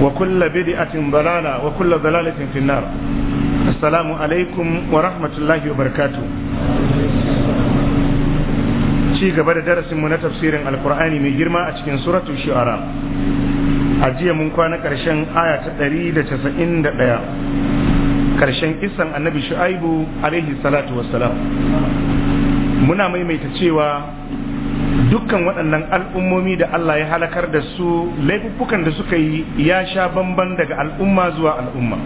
وكل بدعة ضلالة وكل ضلالة في النار السلام عليكم ورحمة الله وبركاته ci gaba da darasinmu na tafsirin alkur'ani mai girma a cikin suratul shu'ara a jiya mun kwana karshen aya ta ɗaya. karshen isan annabi shu'aibu alaihi salatu wassalam muna maimaita cewa dukkan waɗannan al'ummomi da Allah ya halakar da su laifuffukan da suka yi ya sha bamban daga al'umma zuwa al'umma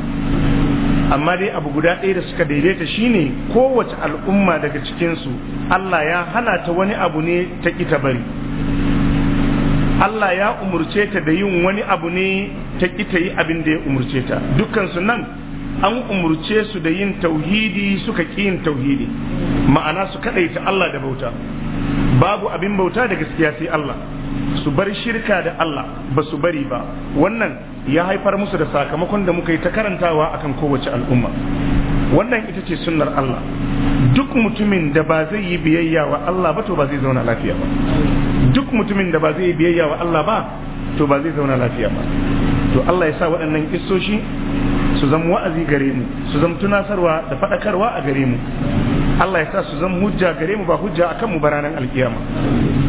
amma dai abu guda ɗaya da suka daidaita shine kowace al'umma daga cikinsu Allah ya hana ta wani abu ne ta ƙi ta bari Allah ya umurce ta da yin wani abu ne ta ƙi ta yi abin da ya umurce ta dukkansu nan an umurce su da yin tauhidi suka ƙi yin tauhidi ma'ana su kaɗaita Allah da bauta babu abin bauta da gaskiya sai Allah su bar shirka da Allah ba su bari ba wannan ya haifar musu da sakamakon da muka yi ta karantawa akan kowace al'umma wannan ita ce sunnar Allah duk mutumin da ba zai yi biyayya wa Allah ba to ba zai zauna lafiya ba duk mutumin da ba zai yi biyayya wa Allah ba to ba zai zauna lafiya ba to Allah ya sa waɗannan kissoshi su zama wa'azi gare mu su zama tunasarwa da faɗakarwa a gare mu Allah ya sa su zama hujja gare mu ba hujja akan mu baranan alkiyama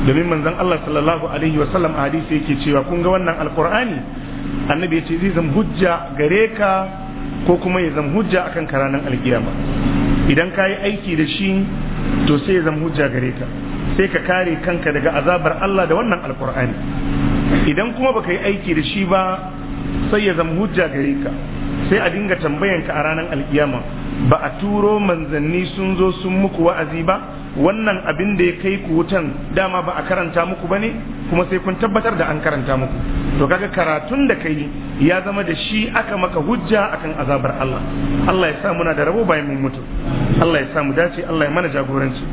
domin manzon Allah sallallahu alaihi wa sallam hadisi yake cewa kun ga wannan alqur'ani annabi yace zai zama hujja gare ka ko kuma ya zama hujja akan karanan alkiyama idan ka yi aiki da shi to sai ya zama hujja gare ka sai ka kare kanka daga azabar Allah da wannan alqur'ani idan kuma baka yi aiki da shi ba sai ya zama hujja gare ka sai a dinga tambayan ka a ranar alkiyama ba a turo manzanni sun zo sun muku wa'azi ba wannan abin da ya kai ku wutan dama ba a karanta muku ba ne kuma sai kun tabbatar da an karanta muku to kaga karatun da kai ya zama da shi aka maka hujja akan azabar Allah Allah ya sa muna da rabo bayan mun mutu Allah ya sa mu dace Allah ya mana jagoranci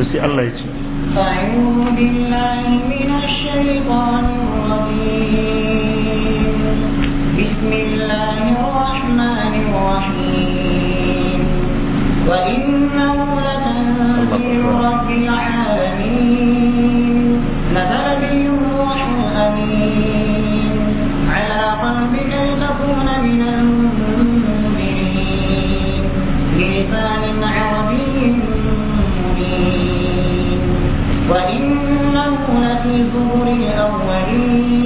to sai Allah ya ce أعوذ بالله من الشيطان الرجيم بسم الله الرحمن الرحيم وإنه لتنزيل رب العالمين مثل بالروح على قلبك لتكون من المنذرين بلسان عربي وإنه لفي زبر الأولين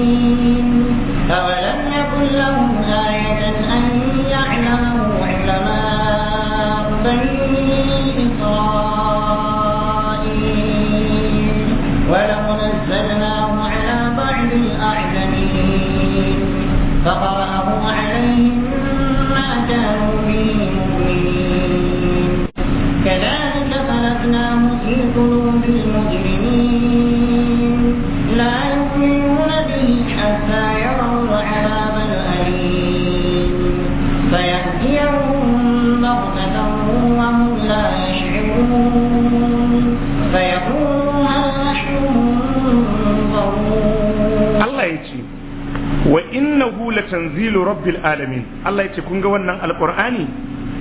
يأتيهم بغتة وهم لا يشعرون rabbil alamin نحن منظرون الله يجي وإنه لتنزيل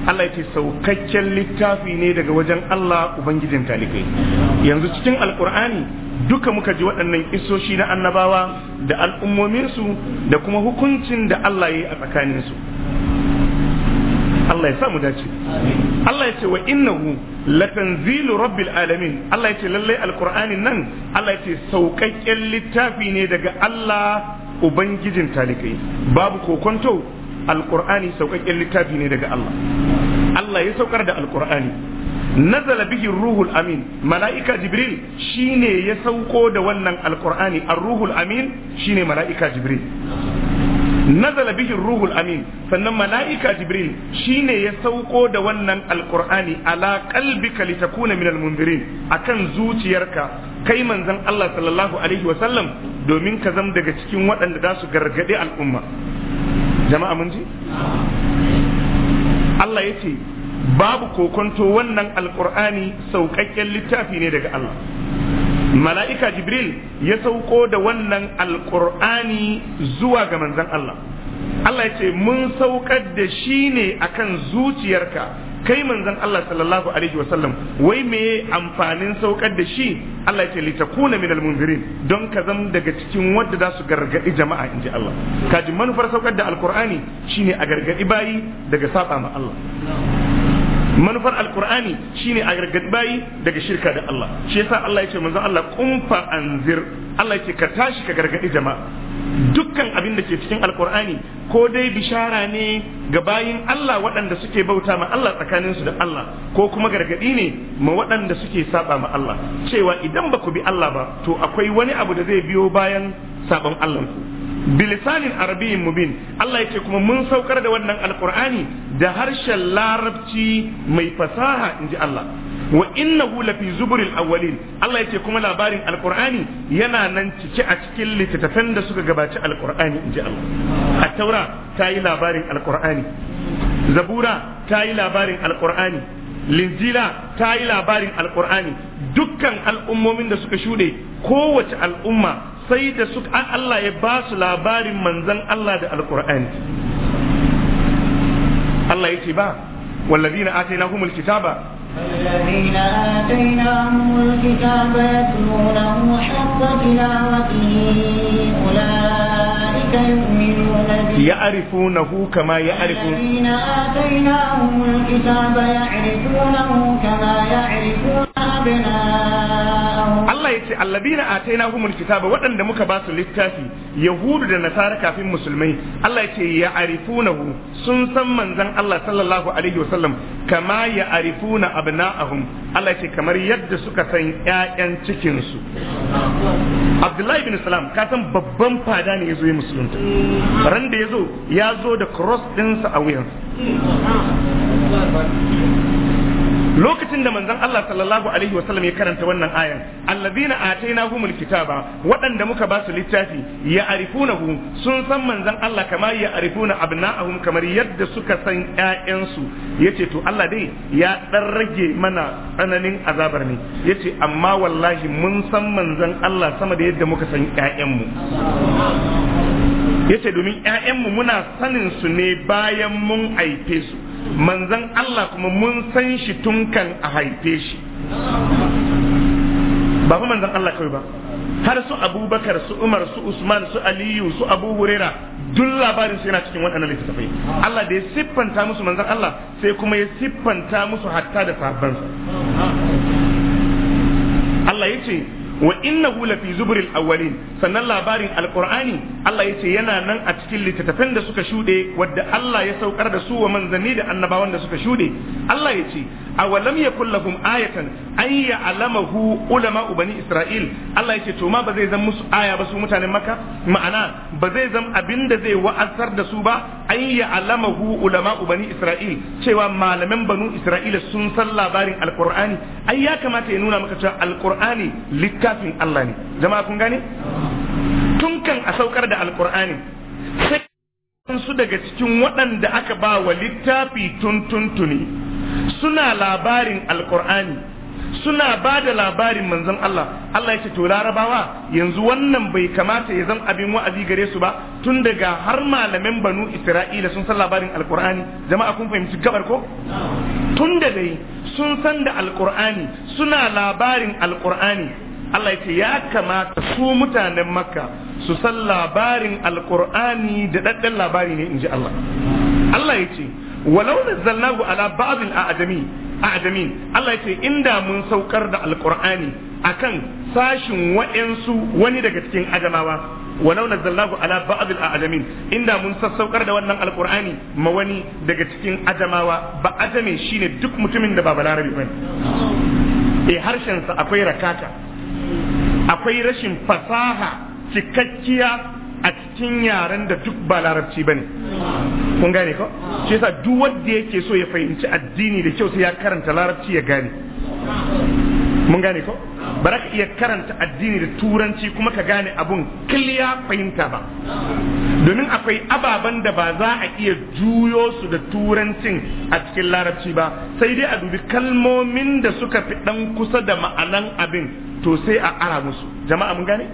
Allah ya ce saukakken littafi ne daga wajen Allah Ubangijin talikai yanzu cikin alkur'ani duka muka ji waɗannan isoshi na annabawa da al'ummominsu da kuma hukuncin da Allah yayi yi a su. Allah ya sa mu dace Allah ya ce wa innahu latanzilu rabbil alamin Allah ya ce lalle alqur'ani nan Allah ya ce saukakken littafi ne daga Allah ubangijin talikai babu kokonto alqur'ani saukakken littafi ne daga Allah Allah ya saukar da alqur'ani nazala bihi ruhul amin mala'ika jibril shine ya sauko da wannan alqur'ani ar-ruhul amin shine mala'ika jibril nazala bihin ruhul amin sannan mala'ika jibril shine ya sauko da wannan alqur'ani ala qalbika litakuna minal munzirin akan zuciyarka kai manzon Allah sallallahu alaihi wa sallam domin ka zama daga cikin waɗanda za su gargade al'umma jama'a mun ji Allah ya ce babu kokonto wannan alqur'ani saukakken littafi ne daga Allah mala'ika jibril ya sauko da wannan alƙur'ani zuwa ga manzan Allah Allah ya ce mun saukar da shi ne akan zuciyarka kai manzan Allah sallallahu alaihi wasallam wai me amfanin saukar da shi Allah ya ce litakuna minal munzirin don ka zam daga cikin wadda za su gargadi jama'a in ji Allah kaji manufar saukar da alkur'ani shine a gargadi bayi daga saba ma Allah manufar alkur'ani shine a gargadi bayi daga shirka da Allah shi yasa Allah ya ce manzon Allah qum fa anzir Allah ya ce ka tashi ka gargadi jama'a dukkan abin da ke cikin alkur'ani ko dai bishara ne ga bayin Allah waɗanda suke bauta ma Allah tsakanin su da Allah ko kuma gargadi ne ma waɗanda suke saba ma Allah cewa idan ba ku bi Allah ba to akwai wani abu da zai biyo bayan sabon Allah ku bilisanin arabiyin mubin Allah yake kuma mun saukar da wannan alkur'ani da harshen larabci mai fasaha inji Allah wa inna lafi zuburil awwalin Allah yake kuma labarin alkur'ani yana nan cike a cikin littattafan da suka gabaci alqur'ani inji Allah at-taura ta yi labarin alkur'ani zabura ta yi labarin alkur'ani Linzila ta yi labarin alkur'ani dukkan al'ummomin da suka shuɗe kowace al'umma sai da su Allah ya ba su labarin manzan Allah da alkur'ani Allah ya ce ba wallazina atainahumul kitaba الذين آتيناهم الكتاب يتلونه حق تلاوته أولئك Ya ari funa hu kama ya ari funa. Allah ya ce al'adina atai na humna waɗanda muka basu littafi yahudu da nasara kafin musulmai. Allah ya ya ari sun san zan allah Sallallahu Alaihi Wasallam kama ya ari funa Allah ya kamar yadda suka san ƴaƴan cikinsu. abdullahi bin salam ka san babban fada ne ya zo ya musulunta ran da ya zo ya zo da cross ɗinsa a wuyansa lokacin da manzon Allah sallallahu alaihi sallam ya karanta wannan ayan allazina atainahumul kitaba waɗanda muka ba su littafi ya arifunahu sun san manzon Allah kamar ya arifuna abna'ahum kamar yadda suka san ƴaƴansu yace to Allah dai ya dan rage mana tsananin azabar ne yace amma wallahi mun san manzon Allah sama da yadda muka san ƴaƴanmu yace domin mu muna sanin su ne bayan mun aife su manzan Allah kuma mun san shi tun kan a haife shi ba fa manzan Allah kawai ba har su abubakar su umar su usman su aliyu su abu huraira duk labarin su yana cikin waɗannan littattafai Allah da ya siffanta musu manzan Allah sai kuma ya siffanta musu hatta da sahabbansa Allah ya wa na la fi zubril awwalin sannan labarin alqur'ani Allah yace yana nan a cikin littattafan da suka shude wadda Allah ya saukar da su wa manzanni da annabawan da suka shude Allah yace awalam yakul lahum ayatan an ya'lamahu ulama bani isra'il Allah yace to ma ba zai zan musu aya ba su mutanen makka ma'ana ba zai zan abinda zai wa'azar da su ba an yi alamahu ulama ubani isra'il cewa malaman banu isra'ila sun san labarin alqur'ani ai ya kamata ya nuna maka cewa alkur'ani littafin Allah ne jama'a kun gane tun kan a saukar da alkur'ani sai su daga cikin waɗanda aka ba wa littafi tun tuntuni suna labarin alkur'ani suna ba da labarin manzon Allah Allah ya ce to larabawa yanzu wannan bai kamata ya zama abin wa'azi gare su ba tun daga har malamin banu Isra'ila sun san labarin alkur'ani jama'a kun fahimci gabar ko tun da dai sun san da alkur'ani suna labarin alkur'ani Allah ya ce ya kamata su mutanen makka su san labarin alkur'ani da ɗaɗɗen labari ne in ji Allah Allah ya ce walau nazzalnahu ala ba'd al-a'jami a'jamin Allah yace inda mun saukar da alqur'ani akan sashin wa'ensu wani daga cikin ajamawa walau nazzalnahu ala ba'd al-a'lamin inda mun sassaukar da wannan alqur'ani ma wani daga cikin adamawa ba shine duk mutumin da ba balarabi bane eh harshen sa akwai rakata akwai rashin fasaha cikakkiya a cikin yaren da duk ba larabci bane kun gane ko shi yasa duk wanda yake so ya fahimci addini da kyau sai ya karanta larabci ya gane mun gane ko ba za ka iya karanta addini da turanci kuma ka gane abun kiliya fahimta ba domin akwai ababen da ba za a iya juyo su da turancin a cikin larabci ba sai dai a dubi kalmomin da suka fi dan kusa da ma'anan abin to sai a ara musu jama'a mun gane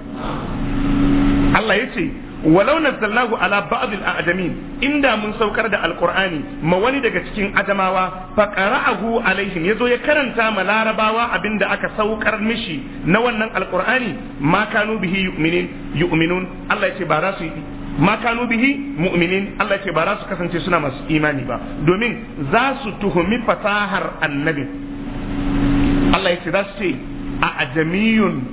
Allah ya ce walau nazzalnahu ala ba'dil a'jamin inda mun saukar da alqur'ani ma wani daga cikin adamawa fa qara'ahu alaihim yazo ya karanta ma larabawa abinda aka saukar mishi na wannan alqur'ani ma kanu bihi yu'minin yu'minun Allah ya ce ba za su yi ma kanu bihi mu'minin Allah ce ba za su kasance suna masu imani ba domin za su tuhumi fasahar annabi Allah ya ce za su ce a ajamiyun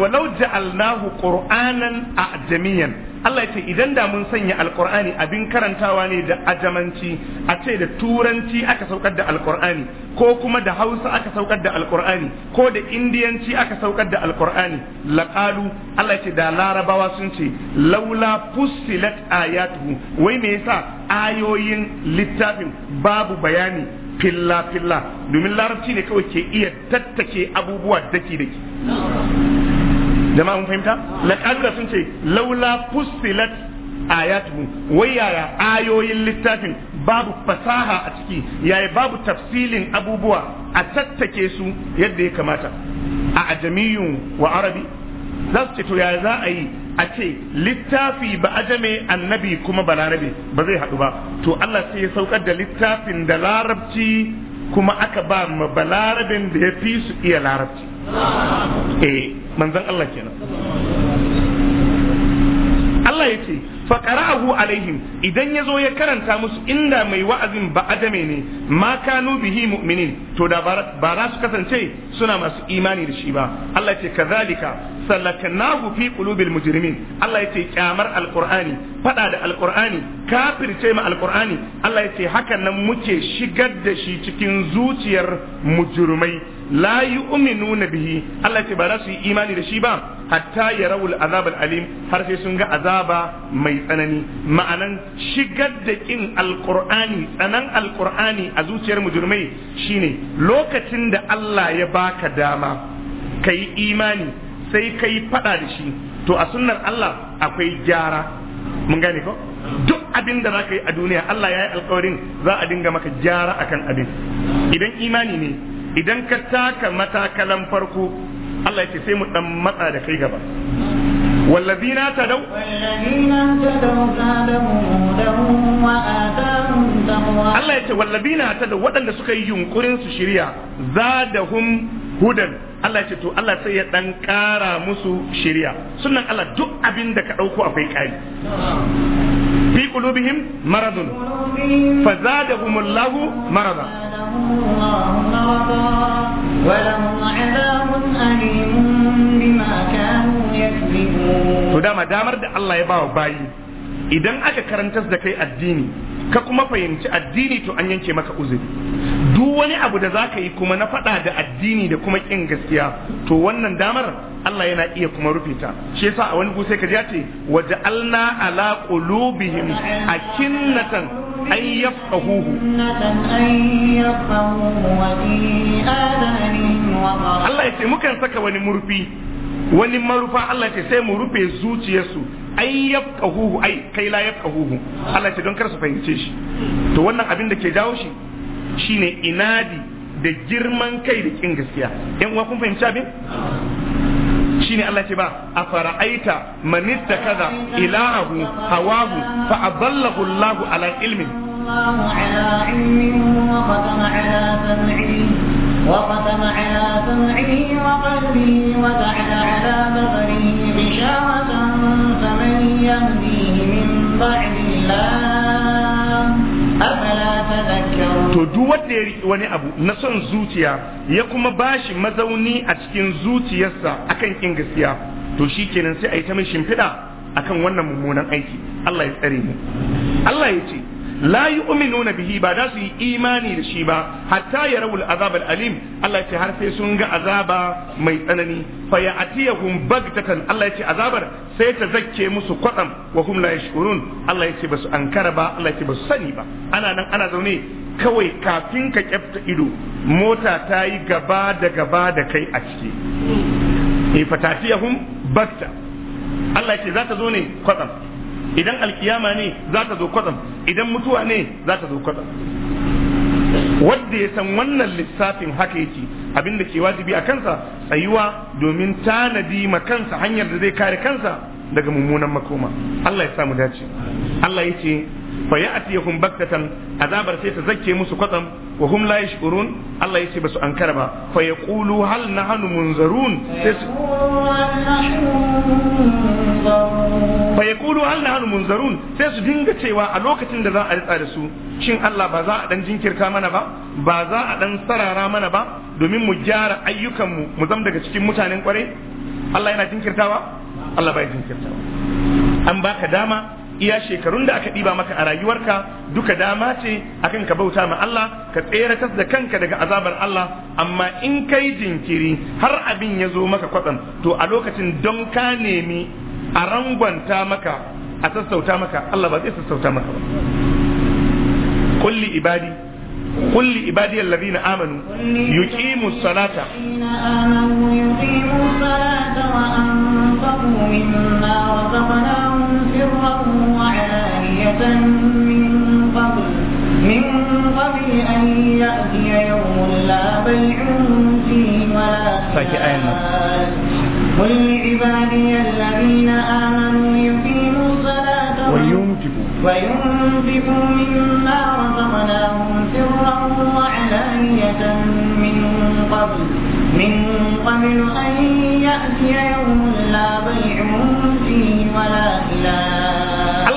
walau ja'alnahu qur'anan ajamiyan Allah ya ce idan da mun sanya alqur'ani abin karantawa ne da ajamanci a ce da turanci aka saukar da alqur'ani ko kuma da Hausa aka saukar da alqur'ani ko da indiyanci aka saukar da alqur'ani laqalu Allah ya ce da larabawa sun ce laula fussilat ayatuhu wai me yasa ayoyin littafin babu bayani filla filla domin larabci ne kawai ke iya tattake abubuwa daki daki jama'a mun fahimta laqadra sun ce laula fussilat ayatuhu wai yaya ayoyin littafin babu fasaha a ciki yaya babu tafsilin abubuwa a tattake su yadda ya kamata a ajamiyun wa arabi za su ce to yaya za a yi a ce littafi ba ajame annabi kuma ba larabe ba zai haɗu ba to Allah sai ya saukar da littafin da larabci kuma aka ba ma balarabin da ya fi su iya larabci eh manzan Allah kenan Allah ya ce faƙara'ahu alaihim idan ya zo ya karanta musu inda mai wa'azin ba adame ne ma kanu bihi mu'minin to da ba za su kasance suna masu imani da shi ba Allah ya ce kazalika sallakannahu fi qulubil mujrimin Allah ya ce kyamar alqur'ani fada da alqur'ani kafirce ma alqur'ani Allah ya ce hakan nan muke shigar da shi cikin zuciyar mujrimai la yu'minuna bihi Allah ce ba za su yi imani da shi ba hatta yarawul azab alim har sai sun ga azaba mai tsanani ma'anan shigar da kin alqur'ani tsanan alqur'ani a zuciyar mujrimai shine lokacin da Allah ya baka dama kai imani sai kai fada da shi to a sunnar Allah akwai gyara mun gane ko duk abin da za ka yi a duniya Allah ya yi alkawarin za a dinga maka gyara akan abin idan imani ne idan ka taka matakalan farko Allah ya ce sai mu dan matsa da kai gaba والذين اهتدوا والذين اهتدوا الله يقول والذين اهتدوا ودن سكي ينقرن شريعة زادهم هدى Allah ya ce to Allah sai ya dan kara musu shiriya sunan Allah duk abinda ka ɗauko akwai kari fi qulubihim To dama damar da Allah ya bayi idan aka karantar da kai addini ka kuma fahimci addini to an yanke maka uzuri duk wani abu da za ka yi kuma na faɗa da addini da kuma ƙin gaskiya to wannan damar Allah yana iya kuma rufe ta shi yasa a wani gusa ka ce waje alna ala qulubihim akinnatan أن saka wani murfi wani marufa Allah ce sai mu rufe zuciyarsu ai yafqahuhu ai kai la yafqahuhu Allah ce don kar su fahimce shi to wannan abin da ke jawo shi shine inadi da girman kai da kin gaskiya yan uwa kun fahimci abin shine Allah ce ba a fara'aita man ittakaza ilahu hawahu fa adallahu Allah ala ilmin وختم على سمعه وقلبه وجعل على بصره غشاوة فمن يهديه من بعد الله to duk wanda ya riki wani abu na son zuciya ya kuma bashi mazauni a cikin zuciyarsa akan kin gaskiya to shikenan sai a yi ta mai shimfiɗa akan wannan mummunan aiki Allah ya tsare mu Allah ya ce la yu'minuna bihi ba za su yi imani da shi ba hatta ya rawul azab alim Allah ya ce har sai sun ga azaba mai tsanani fa ya atiyahum bagtatan Allah ya ce azabar sai ta zakke musu kwatsam wa hum la yashkurun Allah ya ce basu ankara ba Allah ya ce basu sani ba ana nan ana zaune kawai kafin ka kyafta ido mota ta yi gaba da gaba da kai a ciki ifatatiyahum eh, bakta Allah ce za ta zo ne kwatsam idan alkiyama ne za ta zo kwatsam idan mutuwa ne za ta zo kwatsam wadda ya san wannan lissafin haka yake abinda ke wajibi a kansa tsayuwa domin tanadi ma kansa hanyar da zai kare kansa daga mummunan makoma Allah ya samu dace Allah ya ce fa ya'tiyahum baktatan azabar sai ta zakke musu kwatsam wa hum la yashkurun Allah yace basu ankara ba fa yaqulu hal nahnu munzarun fa yaqulu hal nahnu munzarun sai su dinga cewa a lokacin da za a ritsa da su shin Allah ba za a dan jinkirka mana ba ba za a dan sarara mana ba domin mu gyara ayyukanmu mu zama daga cikin mutanen kwarai Allah yana jinkirtawa Allah bai jinkirtawa an baka dama iya shekarun da aka ɗiba maka a rayuwarka duka dama ce akan ka bauta ma Allah ka tseratas da kanka daga azabar Allah amma in kai jinkiri har abin ya zo maka kwatsam to a lokacin don ka nemi a rangwanta maka a sassauta maka Allah ba zai sassauta maka ba kulli ibadi kulli ibadi alladhina amanu yuqimu salata amanu yuqimu salata wa anfaqu mimma razaqnahum من قبل من قبل أن يأتي يوم لا بيع فيه ولا آية خلال قل لعبادي الذين آمنوا يقيموا الصلاة وينفقوا مما رزقناهم سرا وعلانية من قبل من قبل أن يأتي يوم لا بيع فيه ولا خلال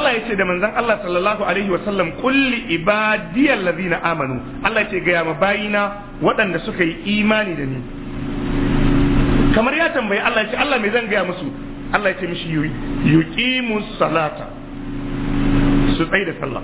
Allah ya ce da manzan, Allah sallallahu alaihi wasallam kulli ibadiyar lazina amanu Allah ya ce ga ma bayina waɗanda suka yi imani da ni kamar ya tambayi Allah ya ce Allah me zan gaya musu Allah ya ce mishi yuqimus salata su tsaye da sallah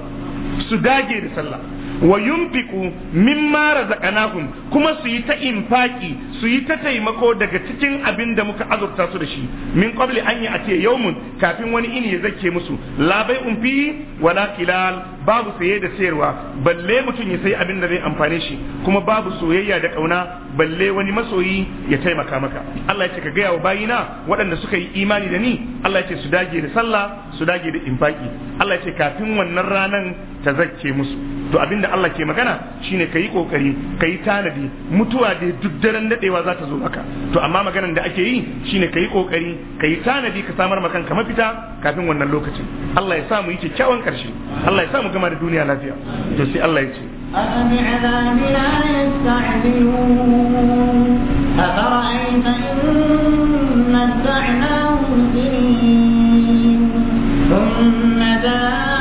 su dage da sallah wa yunfiqu mimma razaqnahum kuma su yi ta infaki su yi ta taimako daga cikin abin da muka azurta su da shi min qabli an yi ace yawmun kafin wani ini ya zake musu la bai'un fi wala kilal babu saye da sayarwa balle mutum ya sai abin da zai amfane shi kuma babu soyayya da kauna balle wani masoyi ya taimaka maka Allah ya ce ka gaya wa bayina waɗanda suka yi imani da ni Allah ya ce su dage da sallah su dage da infaki Allah ya ce kafin wannan ranan ta zake musu to abin da Allah ke magana shine kayi kokari kayi tanadi mutuwa da duk daren dadewa za ta zo maka to amma maganan da ake yi shine kayi kokari kayi tanadi ka samar maka kanka mafita kafin wannan lokacin Allah ya sa mu yi kyakkyawan karshe Allah ya sa mu gama da duniya lafiya to sai Allah ya ce أفرأيت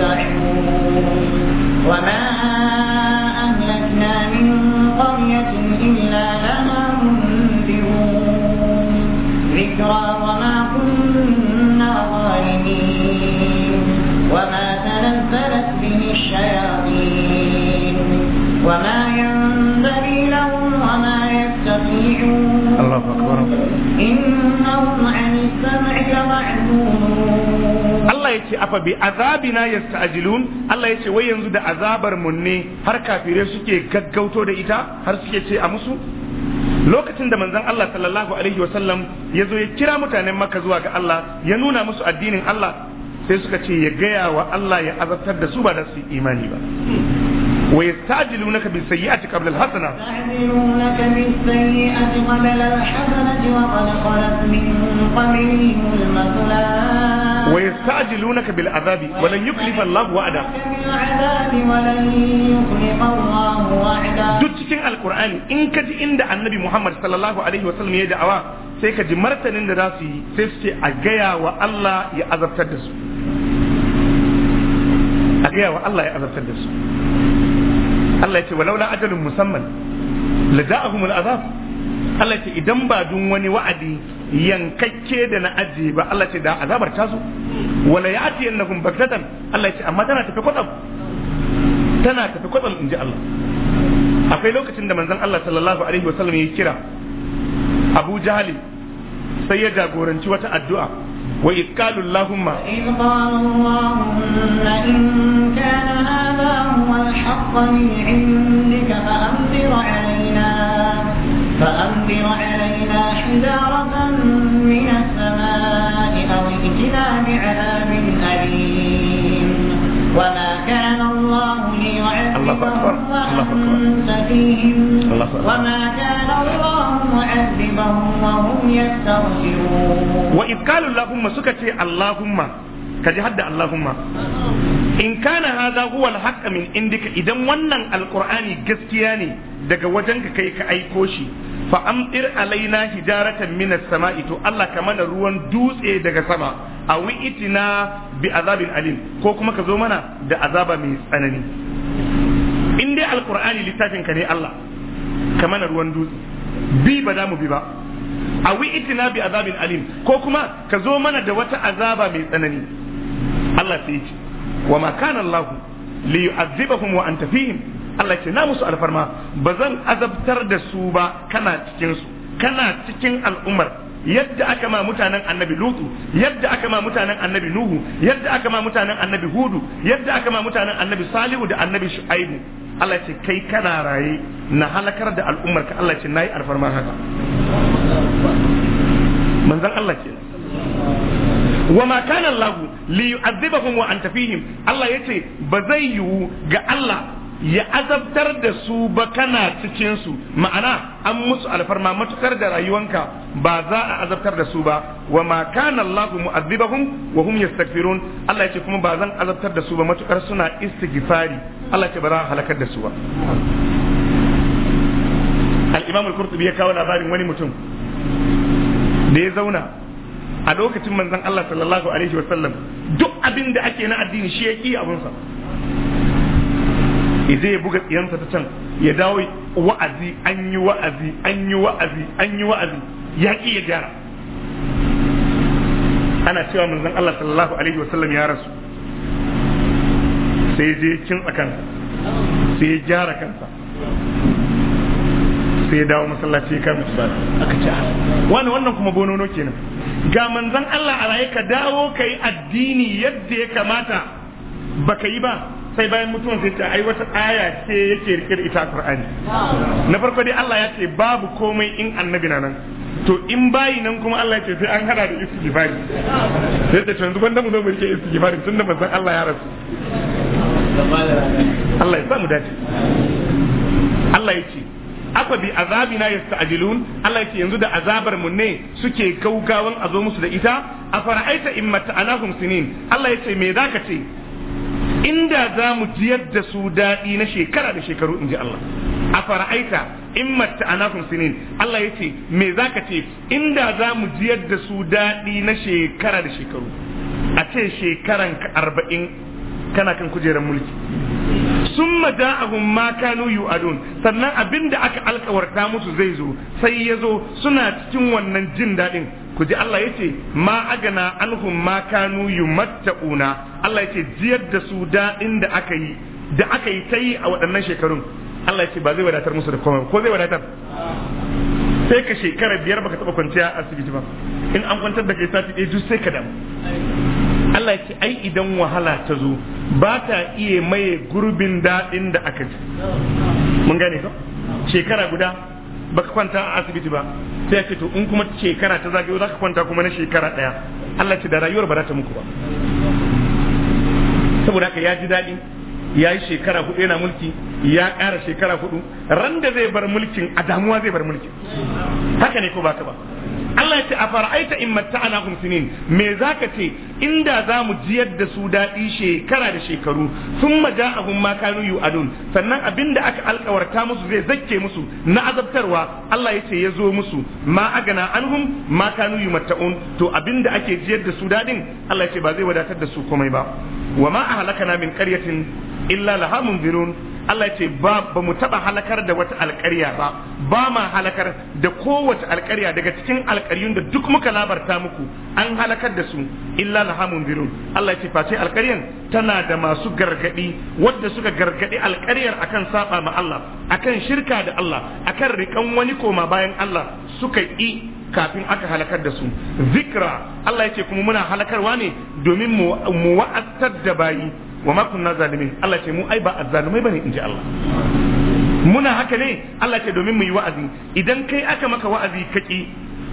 يرجعون وما yace afa bi azabina yasta'jilun Allah ya ce wai yanzu da azabar mun ne har kafire suke gaggauto da ita har suke ce a musu lokacin da manzon Allah sallallahu alaihi wasallam ya zo ya kira mutanen Makka zuwa ga Allah ya nuna musu addinin Allah sai suka ce ya gaya wa Allah ya azabtar da su ba da su imani ba ويستعجلونك بالسيئة قبل الحسنة يستعجلونك hasana قبل الحسنة وقد خلت من قبلهم المثلات wa yastajilunaka bil azabi wa lan yuklifa Allah wa'ada duk cikin alqur'ani in ka ji inda annabi Muhammad sallallahu alaihi ya da'awa sai ka ji martanin da za su yi sai su ce a gaya wa Allah ya azabtar da su a gaya wa Allah ya azabtar da su Allah ya ce walaula ajalun musamman la da'ahumul azab Allah ce idan ba dun wani wa'adi yankakke da na ajiye ba Allah ce da azabar ta su wala ya'ti annahum baghtatan Allah ce amma tana tafi kwatsam tana tafi kwatsam inji Allah akwai lokacin da manzon Allah sallallahu alaihi wasallam ya kira Abu Jahali sai ya jagoranci wata addu'a wa iskalu Allahumma in فأمطر علينا حجارة من السماء أو ائتنا بعذاب أليم وما كان الله ليعذبهم وأنت فيهم وما كان الله معذبهم وهم يستغفرون وإذ قالوا اللهم سكتي اللهم kaji hadda Allahumma in kana hadha huwa al-haqq min indika idan wannan alqur'ani gaskiya ne daga wajenka kai ka aiko shi fa amtir alaina hijaratan minas sama'i to Allah ka mana ruwan dutse daga sama a itina bi azabin alim ko kuma ka zo mana da azaba mai tsanani in dai alqur'ani littafin ka ne Allah ka mana ruwan dutse bi ba za mu bi ba a itina bi azabin alim ko kuma ka zo mana da wata azaba mai tsanani Allah sai ya ce wa ma kana Allah li yu'azzibahum wa anta fihim Allah ce na musu alfarma ba zan azabtar da su ba kana cikin su kana cikin al'ummar yadda aka ma mutanen annabi lutu yadda aka ma mutanen annabi nuhu yadda aka ma mutanen annabi hudu yadda aka ma mutanen annabi salihu da annabi shu'aibu Allah ce kai kana raye na halakar da al'ummar ka Allah ce nayi alfarma haka manzon Allah ke wama kana Allah li yu'adhibahum wa anta fihim Allah yace ba zai yiwu ga Allah ya azabtar da su ba kana cikinsu ma'ana an musu alfarma matukar da rayuwanka ba za a azabtar da su ba wa ma kana Allah mu'azzibahum wa hum yastaghfirun Allah yace kuma ba zan azabtar da su ba matukar suna istighfari Allah yace ba za a halakar da su ba al-Imam al-Qurtubi ya kawo labarin wani mutum da ya zauna a lokacin manzon Allah sallallahu alaihi wa Sallam duk abin da ake na addini shi ya yake abunsa je ya buga tsiyansa ta can ya dawo wa'azi an yi wa'azi an yi wa'azi an yi wa'azi ya ki ya gyara ana cewa manzon Allah sallallahu alaihi sallam ya rasu sai je kin kansa sai ya gyara kansa sai ya dawo masallaci ya kama su aka ce wani wannan kuma bonono kenan ga manzon Allah a ka dawo kai addini yadda ya kamata baka yi ba sai bayan mutuwan sai ta ai wata aya ce yake rike da ita Qur'ani na farko dai Allah ya ce babu komai in annabi na nan to in bayi nan kuma Allah ya ce sai an hada da istighfari sai da tunzu banda mu zo mu rike istighfari tunda ban san Allah ya rasu Allah ya sa mu dace Allah ya ce afa bi azabina yasta'jilun Allah ya ce yanzu da azabar mu ne suke gaugawan a zo musu da ita a fara'aita in mata'anahum sinin Allah ya ce me zaka ce inda za mu jiyar da su daɗi na shekara da shekaru in ji Allah a fara'aita in matta nasu sinin Allah ya ce me za ka ce inda za mu jiyar da su daɗi na shekara da shekaru a ce shekaran ka arba'in kana kan kujerar mulki sun a ma kanu yu'adun sannan abin da aka alkawarta musu zai zo sai ya zo suna cikin wannan jin daɗin ku ji Allah ya ce ma agana anhum ma kanu yumatta'una Allah ya ce jiyar da su daɗin da aka yi da aka yi ta yi a waɗannan shekarun Allah ya ce ba zai wadatar musu da komai ko zai wadatar sai ka shekara biyar baka taɓa kwanciya a asibiti ba in an kwantar da kai sati ɗaya duk sai ka damu Allah ya ce ai idan wahala ta zo ba ta iya maye gurbin daɗin da aka ji mun gane ko. shekara guda baka kwanta a asibiti ba sai ce to in kuma shekara ta zagayo za ka kwanta kuma na shekara ɗaya Allah ce da rayuwar ba za ta muku ba saboda haka ya ji daɗi ya yi shekara hudu yana mulki ya ƙara shekara hudu ran da zai bar mulkin a damuwa zai bar mulkin haka ne ko ka ba Allah ya ce fara'aita in matta'anahum sinin me ka ce inda zamu jiyar da su daɗi shekara da shekaru thumma ja'ahum ma kanu adun sannan abinda aka alkawarta musu zai zakke musu na azabtarwa Allah ya ce ya zo musu ma agana anhum ma kanu yumatta'un to abinda ake jiyar da su daɗin Allah ya ce ba zai wadatar da su komai ba wa ma ahlakana min qaryatin illa laha munzirun Allah ce ba ba mu taba halakar da wata alƙarya ba ba ma halakar da kowace alƙarya daga cikin alƙaryun da duk muka labarta muku an halakar da su illa lahamun birun Allah ce face alƙaryan tana da masu gargadi wadda suka gargadi alƙaryar akan saba ma Allah akan shirka da Allah akan rikan wani koma bayan Allah suka yi kafin aka halakar da su zikra Allah ya ce kuma muna halakarwa ne domin mu wa'attar da bayi wa ma kunna zalimin Allah ce mu ai ba azzalumai bane inji Allah muna haka ne Allah ce domin mu yi wa'azi idan kai aka maka wa'azi kaki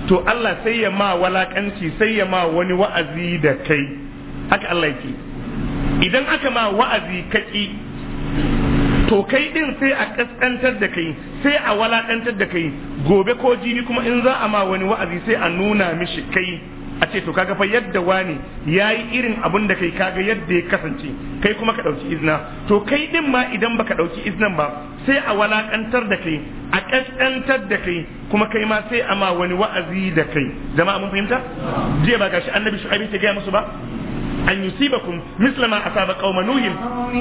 to Allah sai ya ma walakanci sai ya ma wani wa'azi da kai haka Allah yake idan aka ma wa'azi kaki to kai din sai a kaskantar da kai sai a walakantar da kai gobe ko jini kuma in za a ma wani wa'azi sai a nuna mishi kai a ce to kaga fa yadda wani yayi irin abun da kai kaga yadda ya kasance kai kuma ka dauki izna to kai din ma idan baka dauki iznan ba sai a walakantar da kai a kaskantar da kai kuma kai ma sai a ma wani wa'azi da kai jama'a mun fahimta je ba gashi annabi shu'aibi ta gaya musu ba أن يصيبكم مثل ما أصاب قوم نوح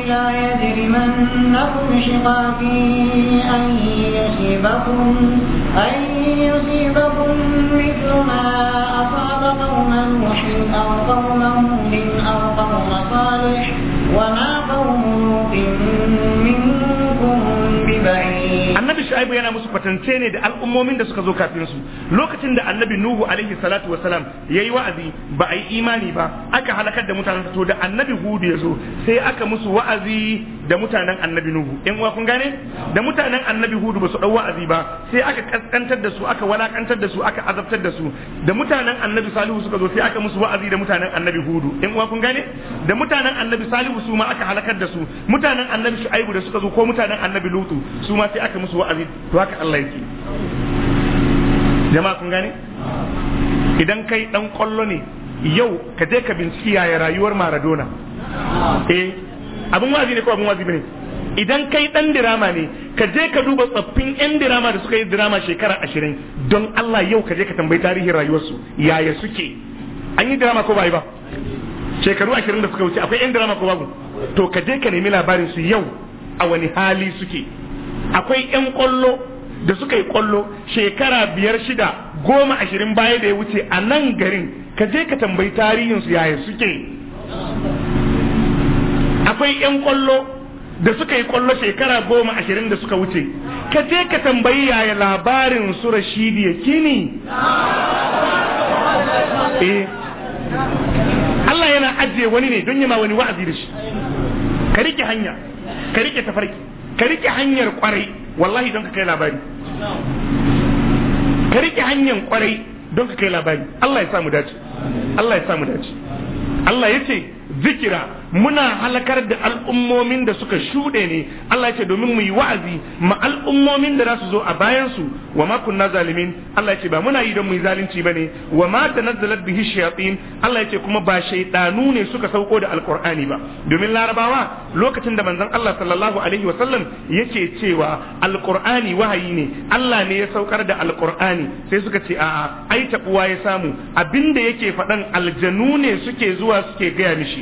لا يجرمنكم شقاقي أن يصيبكم أن يصيبكم مثل ما أصاب قوم نوح أو قوم هود أو قوم صالح وما قوم لوط منكم shu'aibu yana musu kwatance ne da al'ummomin da suka zo kafin su lokacin da annabi nuhu alaihi salatu wasalam yayi wa'azi ba a yi imani ba aka halakar da mutanen to da annabi hudu ya zo sai aka musu wa'azi da mutanen annabi nuhu in uwa kun gane da mutanen annabi hudu ba su dau wa'azi ba sai aka kaskantar da su aka walakantar da su aka azabtar da su da mutanen annabi salihu suka zo sai aka musu wa'azi da mutanen annabi hudu in uwa kun gane da mutanen annabi salihu su ma aka halakar da su mutanen annabi shu'aibu da suka zo ko mutanen annabi lutu su ma sai aka musu wa'azi wahid to haka Allah yake jama'a kun gane idan kai dan kwallo ne yau ka je ka binciki yaya rayuwar Maradona eh abun wazi ne ko abun wazi ne idan kai dan dirama ne ka je ka duba tsaffin yan dirama da suka yi dirama shekara ashirin don Allah yau ka je ka tambayi tarihin rayuwarsu yaya suke an yi dirama ko ba yi ba shekaru ashirin da suka wuce akwai yan dirama ko babu to ka je ka nemi labarin su yau a wani hali suke akwai 'yan kwallo da suka yi kwallo shekara biyar shida goma ashirin baya da ya wuce a nan garin ka je ka tambayi tarihinsu yaya suke akwai 'yan kwallo da suka yi kwallo shekara goma ashirin da suka wuce ka je ka tambayi yaya labarin su rashidi ya kini eh. Allah yana ajiye wani ne don ma wani wa'azi da shi ka rike hanya ka rike tafarki ka rike hanyar kwarai wallahi don ka kai labari ka rike hanyar kwarai don ka kai labari Allah ya samu dace Allah ya samu dace Allah ya ce zikira muna halakar da al'ummomin da suka shuɗe ne Allah ya ce domin mu yi wa'azi ma al'ummomin da za su zo a bayan su wa ma kunna zalimin Allah ya ce ba muna yi don mu yi zalunci bane wa ma tanazzalat bihi shayatin Allah ya ce kuma ba shaydanu ne suka sauko da alqur'ani ba domin larabawa lokacin da manzon Allah sallallahu alaihi wa sallam yake cewa alqur'ani wahayi ne Allah ne ya saukar da alqur'ani sai suka ce a'a ai tabuwa ya samu abinda yake faɗan aljanu ne suke zuwa suke gaya mishi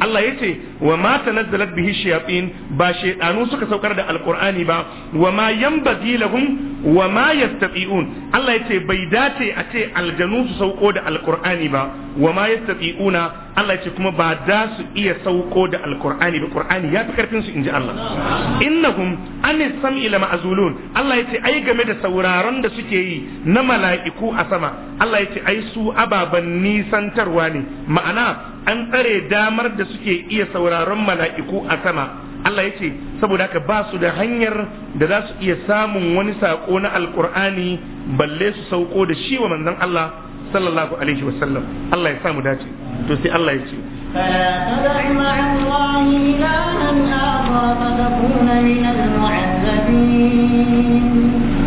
Allah ya ce wa ma tanazzalat bihi shayatin ba shaytanu suka saukar da alqur'ani ba wa ma yanbaghi lahum wa ma yastati'un Allah ya ce bai dace a ce aljanu su sauko da alqur'ani ba wa ma yastati'una Allah ya ce kuma ba da su iya sauko da alqur'ani ba qur'ani ya fi karfin su inji Allah innahum an sam'i la ma'zulun Allah ya ce ai game da sauraron da suke yi na mala'iku a sama Allah ya ce ai su ababan nisantarwa ne ma'ana an tsare damar da suke iya sauraron mala'iku a sama Allah ya ce saboda haka ba su da hanyar da za su iya samun wani saƙo na alƙur'ani balle su sauko da shi wa manzon Allah sallallahu alaihi wa sallam Allah ya sa mu dace to sai Allah ya ce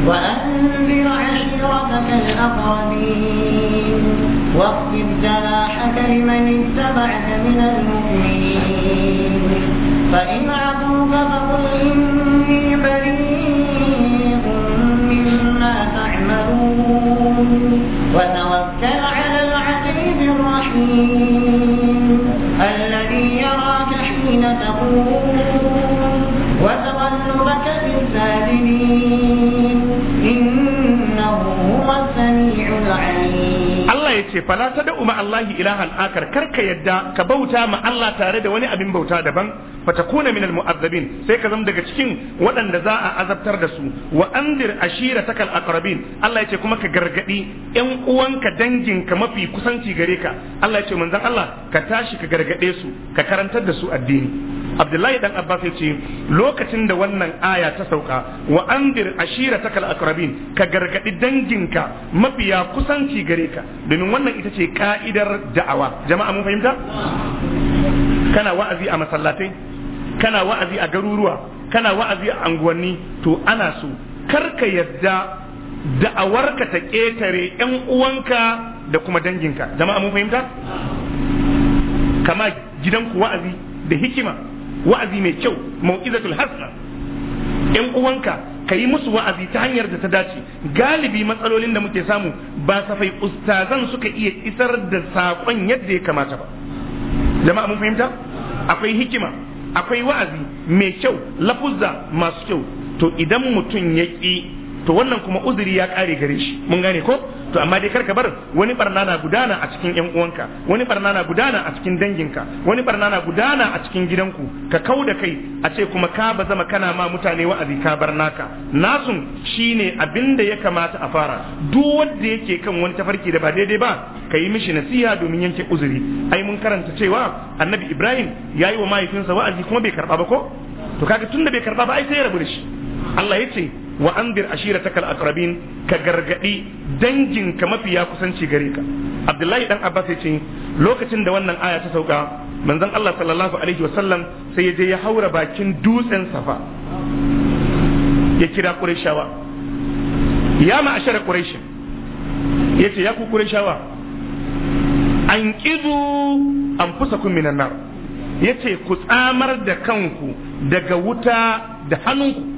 وأنذر عشيرتك الأقربين واخفض جناحك لمن اتبعك من المؤمنين فإن عفوك فقل إني بريء مما تعملون ce fala ta da umma Allahi ilahan akar kar ka yadda ka bauta ma Allah tare da wani abin bauta daban fatakuna min mu'azzabin sai ka zama daga cikin waɗanda za a azabtar da su wa andir takal aqrabin Allah ya ce kuma ka gargadi ƴan uwanka dangin ka mafi kusanci gare ka Allah ya ce manzon Allah ka tashi ka gargade su ka karantar da su addini abdullahi dan abbas ya ce lokacin da wannan aya ta sauka wa andir ashira takal akrabin ka gargadi danginka mafiya kusanci gare ka domin wannan ita ce ka'idar da'awa jama'a mun fahimta kana wa'azi a masallatai kana wa'azi a garuruwa kana wa'azi a anguwanni to ana so kar ka yadda da'awarka ta ƙetare 'yan uwanka da kuma danginka jama'a mun fahimta kama gidanku wa'azi da hikima wa'azi mai kyau mau'izatul hasna yan uwanka ka yi musu wa'azi ta hanyar da ta dace galibi matsalolin da muke samu ba safai ustazan suka iya isar da saƙon yadda ya kamata ba jama'a mun fahimta akwai hikima akwai wa'azi mai kyau lafuzza masu kyau to idan mutum ya ƙi to wannan kuma uzuri ya kare gare shi mun gane ko to amma dai karka bar wani barna na gudana a cikin yan uwanka wani barna na gudana a cikin danginka wani barna na gudana a cikin gidanku ka kau da kai a ce kuma ka ba zama kana ma mutane wa'azi ka bar naka nasun shine abin da ya kamata a fara duk wanda yake kan wani tafarki da ba daidai ba ka yi mishi nasiha domin yanke uzuri ai mun karanta cewa annabi ibrahim ya yi wa mahaifinsa wa'azi kuma bai karba ba ko to kaga tunda bai karba ba ai sai ya rabu da shi Allah ya ce wa andir ashirataka al-aqrabin ka gargadi danginka mafiya kusanci gare ka Abdullahi dan Abbas ya ce lokacin da wannan aya ta sauka manzon Allah sallallahu alaihi wasallam sai ya je ya haura bakin dutsen Safa ya kira Qurayshawa ya ma'ashara Quraysh yace ya ku Qurayshawa an kizu anfusakum minan nar yace ku tsamar da kanku daga wuta da hannunku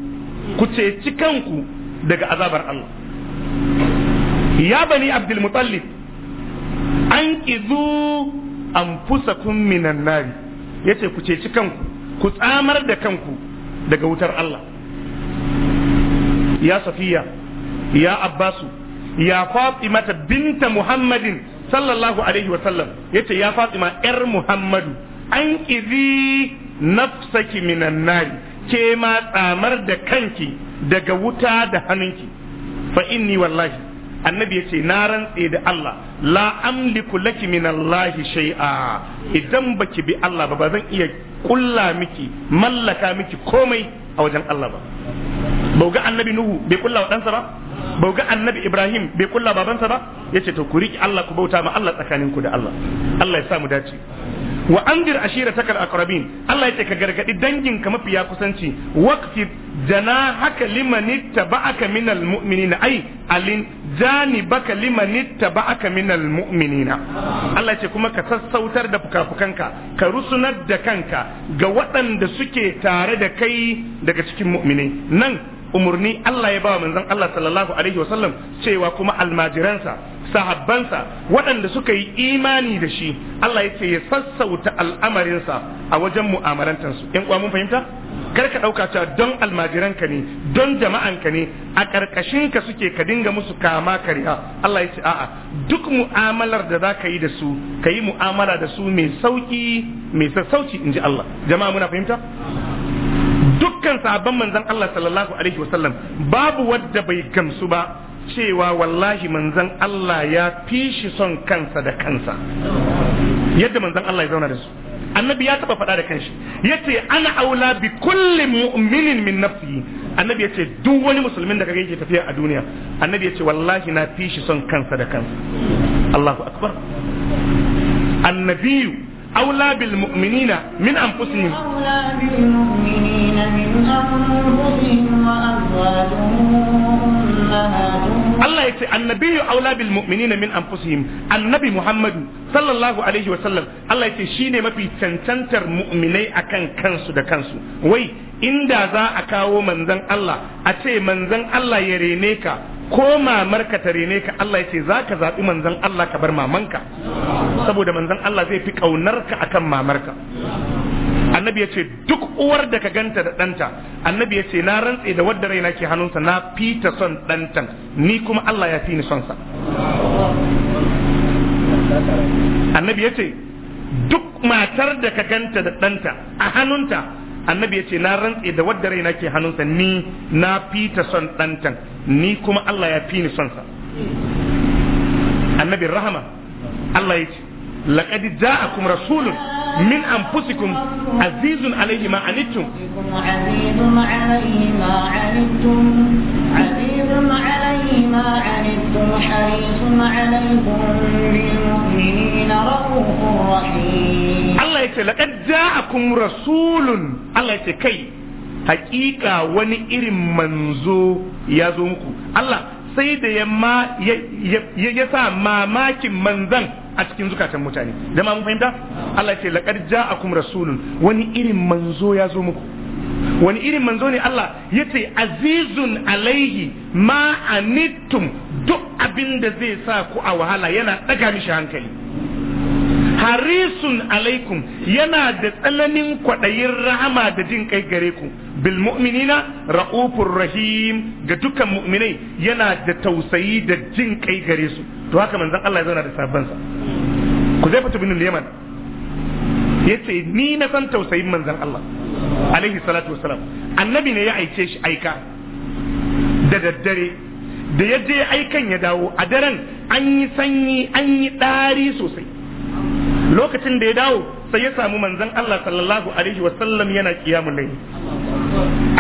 ku ceci kanku daga azabar Allah ya bani abdul Muttalib an kizu anfusakum minan nari yace ku ceci kanku ku tsamar da kanku daga wutar Allah ya safiya ya abbasu ya fatimata binta muhammadin sallallahu alaihi wa sallam yace ya fatima yar muhammadu an kizi nafsaki minan nari ke ma tsamar da kanki daga wuta da hannunki fa inni wallahi annabi yace na rantse da Allah la amliku laki min Allah shay'a idan baki bi Allah ba ba zan iya kulla miki mallaka miki komai a wajen Allah ba bau ga annabi nuhu bai kulla wa ɗansa ba bau ga annabi ibrahim bai kulla babansa ba yace to ku riki Allah ku bauta ma Allah tsakaninku da Allah Allah ya sa mu dace wa andir ashira takal aqrabin Allah yace ka gargadi danginka mafiya kusanci waqti jana haka liman ittaba'aka min al-mu'minina ai alin janibaka liman ittaba'aka min al-mu'minina Allah yace kuma ka sassautar da fukafukanka ka rusunar da kanka ga waɗanda suke tare da kai daga cikin mu'minai nan umarni Allah ya bawa manzon Allah sallallahu alaihi wasallam cewa kuma almajiransa sahabbansa waɗanda suka yi imani da shi Allah ya ce ya sassauta al'amarinsa a wajen mu'amalantansu ƴan uwa mun fahimta kar ka ɗauka cewa don almajiranka ne don jama'anka ne a ƙarƙashin ka suke ka dinga musu kama karya Allah ya ce a'a duk mu'amalar da za ka yi da su ka yi mu'amala da su mai sauki mai sassauci in ji Allah jama'a muna fahimta dukkan sahabban manzon Allah sallallahu alaihi wasallam babu wadda bai gamsu ba cewa wallahi manzon Allah ya fi shi son kansa da kansa yadda manzon Allah ya zauna da su annabi ya taba faɗa da kanshi yace ana aula bi kulli mu'minin min nafsihi annabi yace duk wani musulmin da kaga yake tafiya a duniya annabi yace wallahi na fi shi son kansa da kansa Allahu akbar annabiyu أولى بالمؤمنين من أنفسهم أولى بالمؤمنين من أنفسهم Allah ya ce annabi aula bil mu'minina min anfusihim annabi Muhammadu sallallahu alaihi wa sallam Allah ya ce shine mafi cancantar mu'minai akan kansu da kansu wai inda za a kawo manzon Allah a ce manzon Allah ya rene ka ko mamar ka tare ne ka Allah ya ce za ka zaɓi manzan Allah ka bar mamanka saboda manzan Allah zai fi ƙaunarka akan mamarka annabi ya ce duk uwar da ka ganta da ɗanta annabi ya ce na rantse da wadda raina ke hannunsa na fi ta son ɗanta ni kuma Allah ya fi ni sonsa. annabi ya ce duk matar da ka ganta da ɗanta a hannunta annabi yace na rantse da wadda raina ke hannunsa ni na fita son dantan ni kuma Allah ya fi ni sonsa annabi rahama Allah yace laqad ja'akum rasulun min anfusikum azizun alayhi ma azizun alayhi ma anittum حريص عليكم بالمؤمنين رؤوف رحيم الله يتي لقد جاءكم رسول الله يتي كي حقيقة وني irin منزو يزوكم الله muku Allah sai da ya sa mamakin manzan a cikin zukatan mutane jama'a mun fahimta Allah ya ce laqad ja'akum rasulun wani irin manzo ya zo muku wani irin manzo ne Allah ya ce azizun alaihi ma anittum duk abin da zai sa ku a wahala yana daga mishi hankali harisun alaikum yana da tsananin kwaɗayin rahama da jin kai gare ku bil mu'minina ra'ufur rahim ga dukkan mu'minai yana da tausayi da jin kai gare su to haka manzon Allah ya zauna da sabansa ku zai fita binin Yaman ce ni na san tausayin manzon Allah alaihi salatu wasalam annabi ne ya aike shi aika da daddare da ya je aikan ya dawo a daren an yi sanyi an yi ɗari sosai lokacin da ya dawo sai ya samu manzon Allah sallallahu alaihi wasallam yana kiyamul laifi.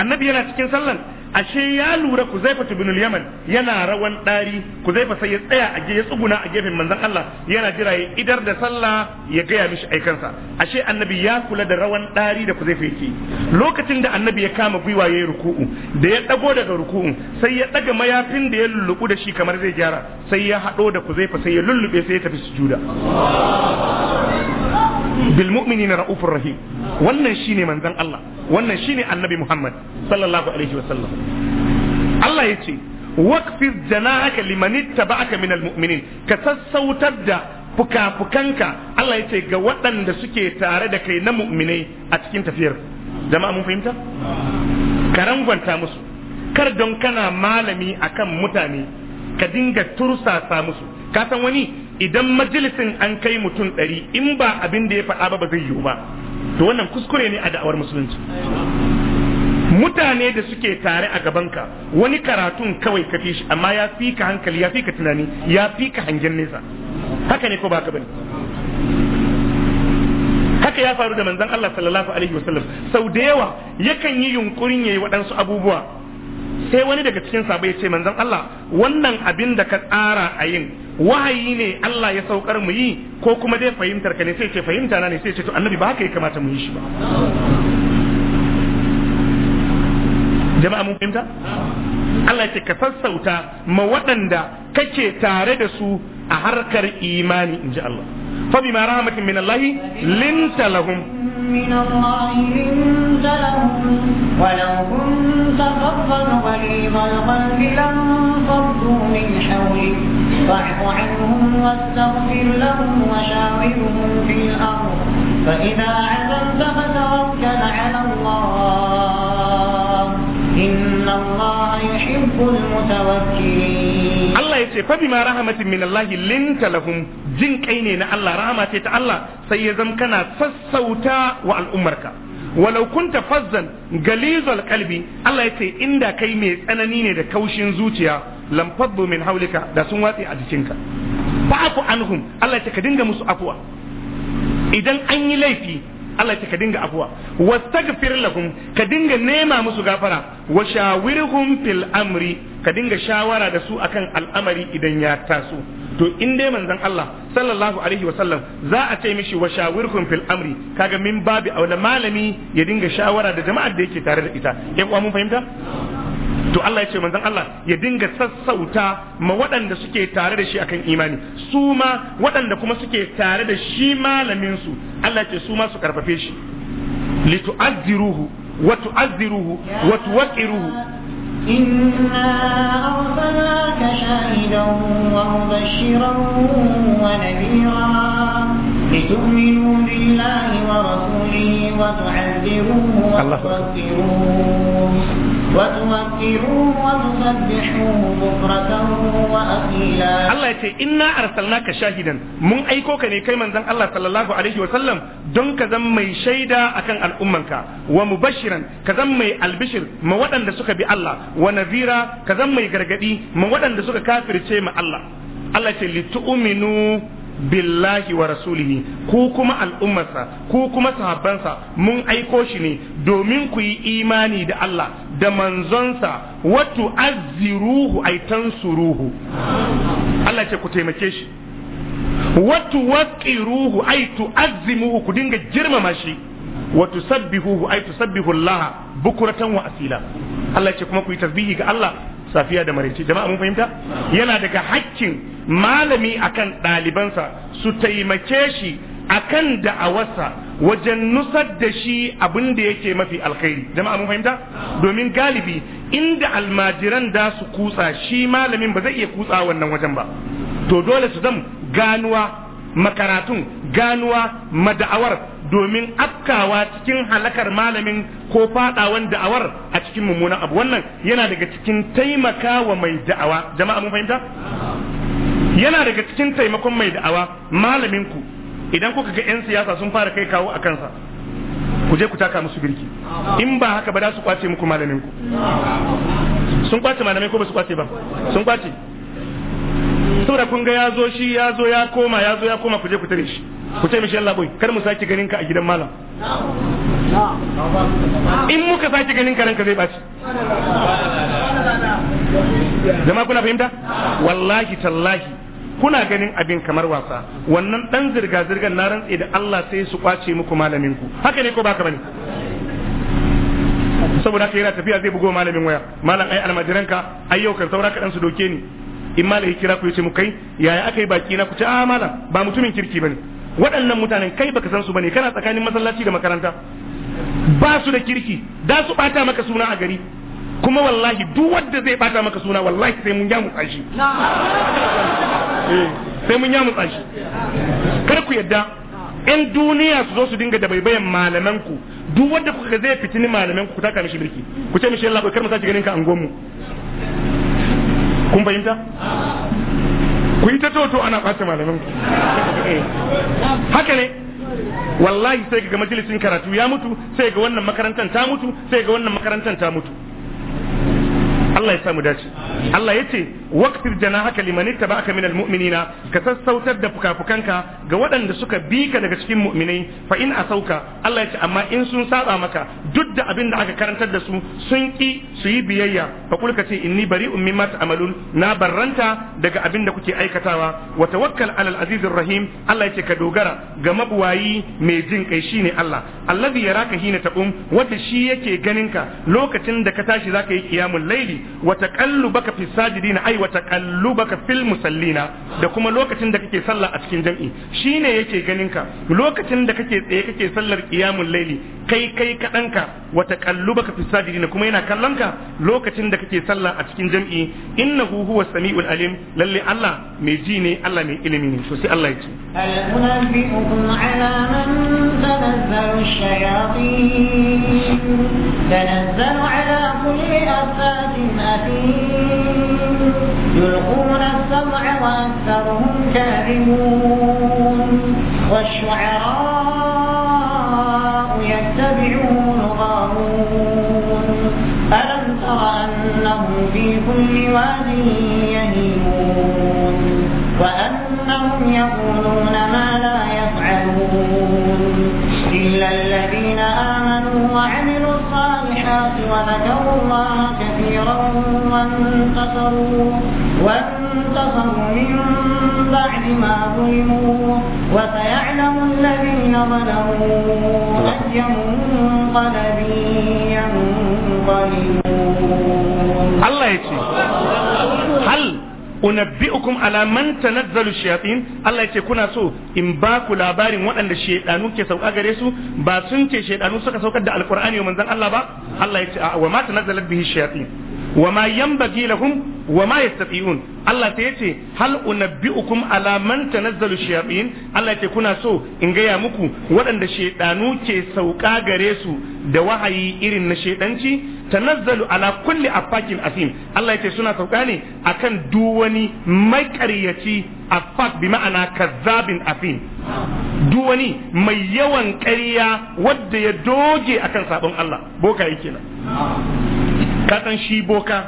annabi yana cikin sallan ashe ya lura Kuzaifa ibn binul yaman yana rawan ɗari Kuzaifa sai ya tsaya a ya tsuguna a gefen manzon Allah yana jira ya idar da sallah ya gaya mishi aikansa ashe annabi ya kula da rawan ɗari da Kuzaifa yake lokacin da annabi ya kama gwiwa yi ruku'u da ya ɗago daga ruku'u sai ya ɗaga mayafin da ya lullubu da shi kamar zai gyara sai ya haɗo da Kuzaifa sai ya lullube sai ya tafi sujuda bil mu'minina raufur wannan shine manzon Allah wannan shine annabi Muhammad sallallahu alaihi wasallam Allah yace waqfir janahaka liman ittaba'aka minal mu'minin ka sassautar da fuka-fukanka Allah yace ga waɗanda suke tare da kai na mu'minai a cikin tafiyar jama'a mun fahimta ka rangwanta musu kar don kana malami akan mutane ka dinga tursasa musu ka san wani idan majalisin an kai mutum ɗari in ba abin da ya faɗa ba ba zai yiwu ba to wannan kuskure ne a da'awar musulunci mutane da suke tare a gabanka wani karatun kawai ka fi shi amma ya fi ka hankali ya fi ka tunani ya fi ka hangen nesa haka ne ko ba ka bane haka ya faru da manzon Allah sallallahu alaihi wasallam sau da yawa yakan yi yunkurin yi waɗansu abubuwa sai wani daga cikin sabai ya ce manzon Allah wannan abin da ka tsara a yin wahayi ne Allah ya saukar mu yi ko kuma dai fahimtar ka ne sai ce fahimta na ne sai ce to annabi ba haka ya kamata mu yi shi ba jama'a mun fahimta Allah ce ka sassauta ma waɗanda kake tare da su a harkar imani in ji Allah fa bima rahmatin min Allah linta lahum من الله لنت لهم ولو كنت فظا غليظ القلب لانفضوا من حولك فاعف عنهم واستغفر لهم وشاورهم في الامر فاذا عزمت فتوكل على الله Allah ya ce fabi ma rahamatin min linta lahum jin kai ne na Allah rahama ce ta Allah sai ya zama kana sassauta wa al'ummarka walau kunta fazzan galizul Allah ya ce inda kai mai tsanani ne da kaushin zuciya lam faddu min haulika da sun watse a jikinka fa'fu anhum Allah ya ce ka dinga musu afuwa idan an yi laifi Allah ce ka dinga afuwa wastaghfir lahum ka dinga nema musu gafara wa shawirhum fil amri ka dinga shawara da su akan al'amari idan ya taso to in dai manzon Allah sallallahu alaihi sallam za a ce mishi wa shawirhum fil amri kaga min babi aula malami ya dinga shawara da jama'ar da yake tare da ita yan uwa mun fahimta to Allah ya ce manzon Allah ya dinga sassauta ma waɗanda suke tare da shi akan imani su ma waɗanda kuma suke tare da shi malamin su Allah ya ce su ma su karfafe shi litu'azziruhu wa tu'azziruhu wa tuwaqiruhu إنا أرسلناك شاهدا ومبشرا ونذيرا لتؤمنوا بالله ورسوله وتعذروه وتوقروه Allah ya ce inna sha shahidan mun aiko ka ne kai manzon Allah sallallahu alaihi wa sallam don ka zan mai shaida akan al'ummanka wa mubashiran ka zan mai albishir ma waɗanda suka bi Allah wa nazira ka zan mai gargadi ma waɗanda suka kafirce ma Allah Allah ya ce litu'minu billahi wa rasulihi ku kuma al'ummarsa ku kuma sahabbansa mun aiko shi ne domin ku yi imani da Allah da manzonsa watu azziruhu ay tansuruhu Allah ce ku taimake shi watu waqiruhu ay azzimuhu ku dinga girmama shi wa sabbihuhu ay sabbihu Allah bukuratan wa asila Allah ce kuma ku yi tasbihi ga Allah safiya da maraice jama'a mun fahimta yana daga haƙƙin malami akan ɗalibansa su taimake shi akan da'awarsa wajen nusar da shi abin da yake mafi alkhairi jama'a mun fahimta domin galibi inda almajiran da su kutsa shi malamin ba zai iya kutsa wannan wajen ba to dole su zam ganuwa makaratun ganuwa mada'awar domin afkawa cikin halakar malamin ko fadawan da'awar a cikin mummunan abu wannan yana daga cikin taimakawa mai da'awa jama'a mun fahimta yana daga cikin taimakon mai da'awa malamin ku idan kuka ga 'yan siyasa sun fara kai kawo a kansa ku je ku taka musu birki in ba haka ba za su kwace muku malamin ku sun kwace malamai ko ba su kwace ba sun kwace saboda kun ga ya zo shi ya zo ya koma ya zo ya koma ku je ku tare shi ku ce mishi Allah boy kar mu sake ganin ka a gidan malam in muka sake ganin ka ranka zai baci jama'a kuna fahimta wallahi tallahi kuna ganin abin kamar wasa wannan dan zirga zirgan na rantse da Allah sai su kwace muku malamin ku haka ne ko baka bane saboda kai yana tafiya zai bugo malamin waya malam ai almajiranka ayyukan yau saura ka dan su doke ni in malai kira ku ya ce mu kai yaya aka yi baki na ku ce a ah, malam ba mutumin kirki bane waɗannan mutanen kai baka san su bane kana tsakanin masallaci da makaranta ba su da kirki da su bata maka suna a gari kuma wallahi duk wanda zai bata maka suna wallahi sai mun ya mu tsashi eh, sai mun ya mu tsashi kar ku yadda yan duniya su zo su dinga da baibayen malaman ku duk wanda kuka zai fitini malaman ku ku taka mishi birki ku ce mishi Allah kar mu sake ganin ka angon mu kun fahimta ku yi ta toto ana ɓata malamin haka ne wallahi sai ga majalisin karatu ya mutu sai ga wannan makarantar ta mutu sai ga wannan makarantar ta mutu Allah ya samu dace Allah ya ce waqtir janahaka liman ittaba'aka minal mu'minina ka sassautar da fuka fukanka ga waɗanda suka bi ka daga cikin mu'minai fa in sauka. Allah ya ce amma in sun saba maka duk da abin da aka karantar da su sun ki su yi biyayya fa kulka ce inni bari'un mimma ta'malun na barranta daga abin da kuke aikatawa wa tawakkal alal azizir rahim Allah ya ce ka dogara ga mabuwayi mai jin kai shine Allah allazi yaraka hina taqum wanda shi yake ganin ka lokacin da ka tashi zaka yi qiyamul laili wa taqallubaka rabbaka fi sajidina ay wa taqallubaka fil musallina da kuma lokacin da kake sallah a cikin jam'i shine yake ganin ka lokacin da kake tsaye kake sallar qiyamul layli kai kai kadanka wa taqallubaka fi sajidina kuma yana kallon ka lokacin da kake sallah a cikin jam'i innahu huwa samiul alim lalle Allah mai ji ne Allah mai ilimi ne to sai Allah ya ce hal unabbiukum ala man tanazzalu shayatin tanazzalu ala kulli afatin athim يلقون السمع وأكثرهم كاذبون والشعراء يتبعون غارون ألم تر أنهم في كل واد يهيمون وأنهم يقولون ما لا يفعلون إلا الذين آمنوا وعملوا السيئات وذكروا الله كثيرا وانتصروا وانتصروا من بعد ما ظلموا وسيعلم الذين ظلموا أي منقلب ينقلبون الله يجزي هل unabbi'ukum ala man tanazzalu shayatin Allah yace kuna so in ba ku labarin waɗanda shedanu ke sauka gare su ba sun ce shedanu suka saukar da alqur'ani wa manzon Allah ba Allah yace a wa ma tanazzalat bihi shayatin wa ma yanbaghi lahum wa ma yastati'un Allah ta yace hal unabbi'ukum ala man tanazzalu shayatin Allah yace kuna so in gaya muku waɗanda shedanu ke sauka gare su da wahayi irin na shedanci tanazzalu ala kulli afakin asim Allah yace suna sauka ne akan duk wani ƙaryaci afak bi ma'ana kazzabin afim duk wani mai yawan ƙarya wanda ya doge akan sabon Allah boka yake nan ka san shi boka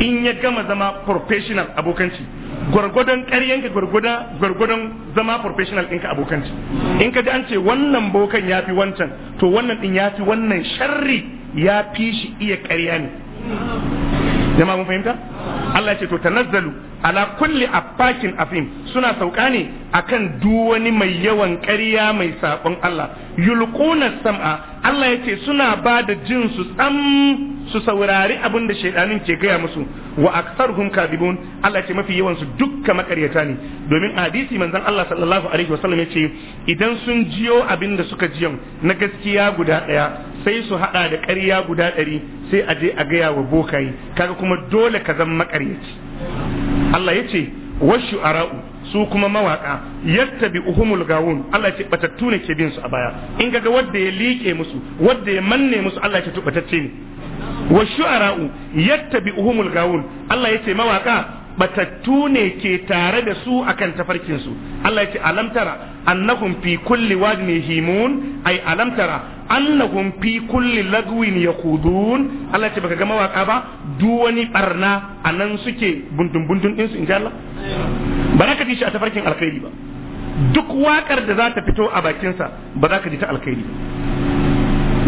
in ya gama zama professional abokanci gwargwadon ƙaryanka gwargwadon zama professional ɗinka abokanci in ka ji an ce wannan bokan ya fi wancan to wannan ɗin ya fi wannan sharri ya fi shi iya ƙarya ne jama mun fahimta Allah ya ce to tanazzalu ala kulli affakin afim suna sauka ne akan duk wani mai yawan ƙarya mai sabon Allah yulquna sam'a Allah ya ce suna ba da jin su tsam su saurari abin da shaidanin ke gaya musu wa hun kadibun Allah ce mafi yawan su dukka makaryata ne domin hadisi manzon Allah sallallahu alaihi wasallam yace idan sun jiyo abin da suka jiyan na gaskiya guda daya sai su hada da ƙarya guda ɗari sai a je a gaya wa bokai kaga kuma dole ka zama makaryaci Allah yace washu ara'u su kuma mawaka yadda bi uhumul gawun Allah ce batattu ke bin su a baya in ga wadda ya liƙe musu wanda ya manne musu Allah ce tubatacce ne wa shu'ara'u yattabi'uhumul gawun Allah yace mawaka batattu ne ke tare da su akan tafarkin su Allah yace alam tara annahum fi kulli wadin himun ay alam tara annahum fi kulli lagwin yaqudun Allah yace baka ga mawaka ba duk wani barna anan suke bundun bundun din su insha Allah baraka shi a tafarkin alkhairi ba duk wakar da za ta fito a bakinsa ba za ka ji ta alkhairi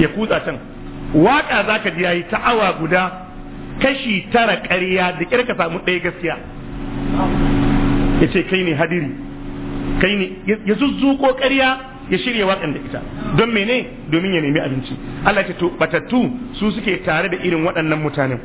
ya kutsa can waka zaka ji yayi ta awa guda kashi tara ƙarya da ka samu ɗaya gaskiya ce kai ne hadiri kai ne ya zuzzuko ƙarya ya shirya waƙan da ita don mene domin ya nemi abinci Allah ya ce to batattu su suke tare da irin waɗannan mutanen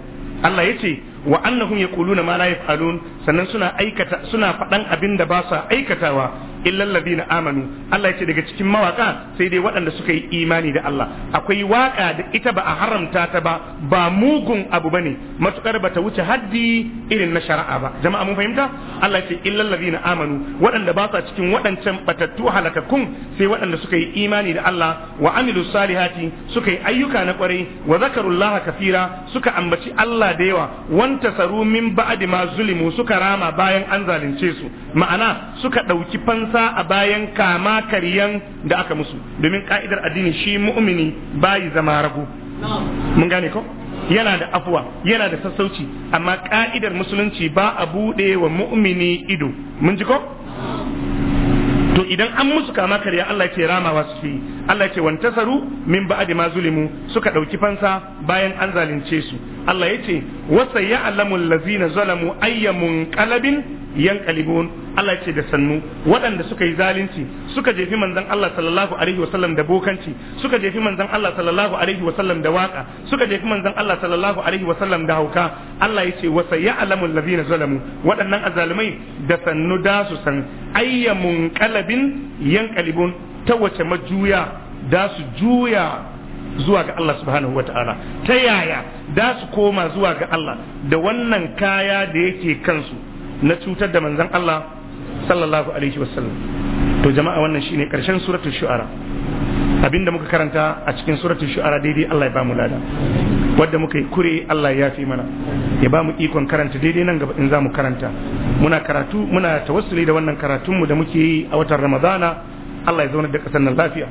Allah ya ce wa annahum yaquluna ma la yaf'alun sannan suna aikata suna faɗan abin da ba sa aikatawa illal ladina amanu Allah ya ce daga cikin mawaka sai dai waɗanda suka yi imani da Allah akwai waka da ita ba a haramta ta ba ba mugun abu bane matukar ba ta wuce haddi irin na shari'a ba jama'a mun fahimta Allah ya ce illal ladina amanu waɗanda ba sa cikin waɗancan batattu halakakun sai waɗanda suka yi imani da Allah wa salihati suka yi ayyuka na kwarai wa zakarullaha kafira suka ambaci Allah da yawa tasaru min ba'di ma zulimu suka rama bayan an zalunce su ma'ana suka ɗauki fansa a bayan kama karyan da aka musu domin ka'idar addini shi mu'mini bayi zama rago mun gane ko yana da afuwa yana da sassauci amma ka'idar musulunci ba a buɗe wa mu'mini ido mun ji ko to idan an musu kama karya Allah ce ramawa su fi Allah ce wantasaru min ba'di ma zulimu suka ɗauki fansa bayan an zalunce su Allah ya ce wasa ya'lamu allazina zalamu ayyamun kalabin? yanqalibun Allah ce da sannu waɗanda suka yi zalunci suka jefi manzon Allah sallallahu alaihi wasallam da bokanci suka jefi manzon Allah sallallahu alaihi wasallam da waka suka jefi manzon Allah sallallahu alaihi wasallam da hauka Allah yace wa sayalamu allazina zalamu waɗannan azalumai da sannu da su san ayyamun qalabin yanqalibun ta wace majuya da su juya zuwa ga Allah subhanahu wata'ala ta yaya da su koma zuwa ga Allah da wannan kaya da yake kansu na cutar da manzon Allah sallallahu alaihi wasallam to jama'a wannan shine karshen suratul shu'ara abinda muka karanta a cikin suratul shu'ara daidai Allah ya bamu lada wadda muka yi kure Allah ya fi mana ya bamu ikon karanta daidai nan gaba in za mu karanta muna karatu muna tawassuli da wannan karatunmu da muke yi a watan Ramadana Allah ya zauna da ƙasar nan lafiya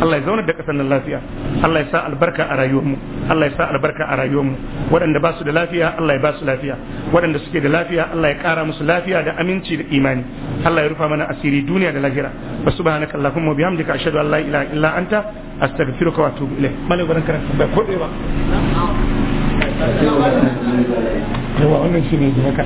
Allah ya zauna da ƙasar nan lafiya Allah ya sa albarka a rayuwarmu Allah ya sa albarka a rayuwarmu waɗanda ba su da lafiya Allah ya ba su lafiya waɗanda suke da lafiya Allah ya ƙara musu lafiya da aminci da imani Allah ya rufa mana asiri duniya da lahira wa subhanaka allahumma bihamdika ashhadu an la ilaha illa anta astaghfiruka wa atubu ilayk malai gurin karanta ba ko ba yawa wannan shine haka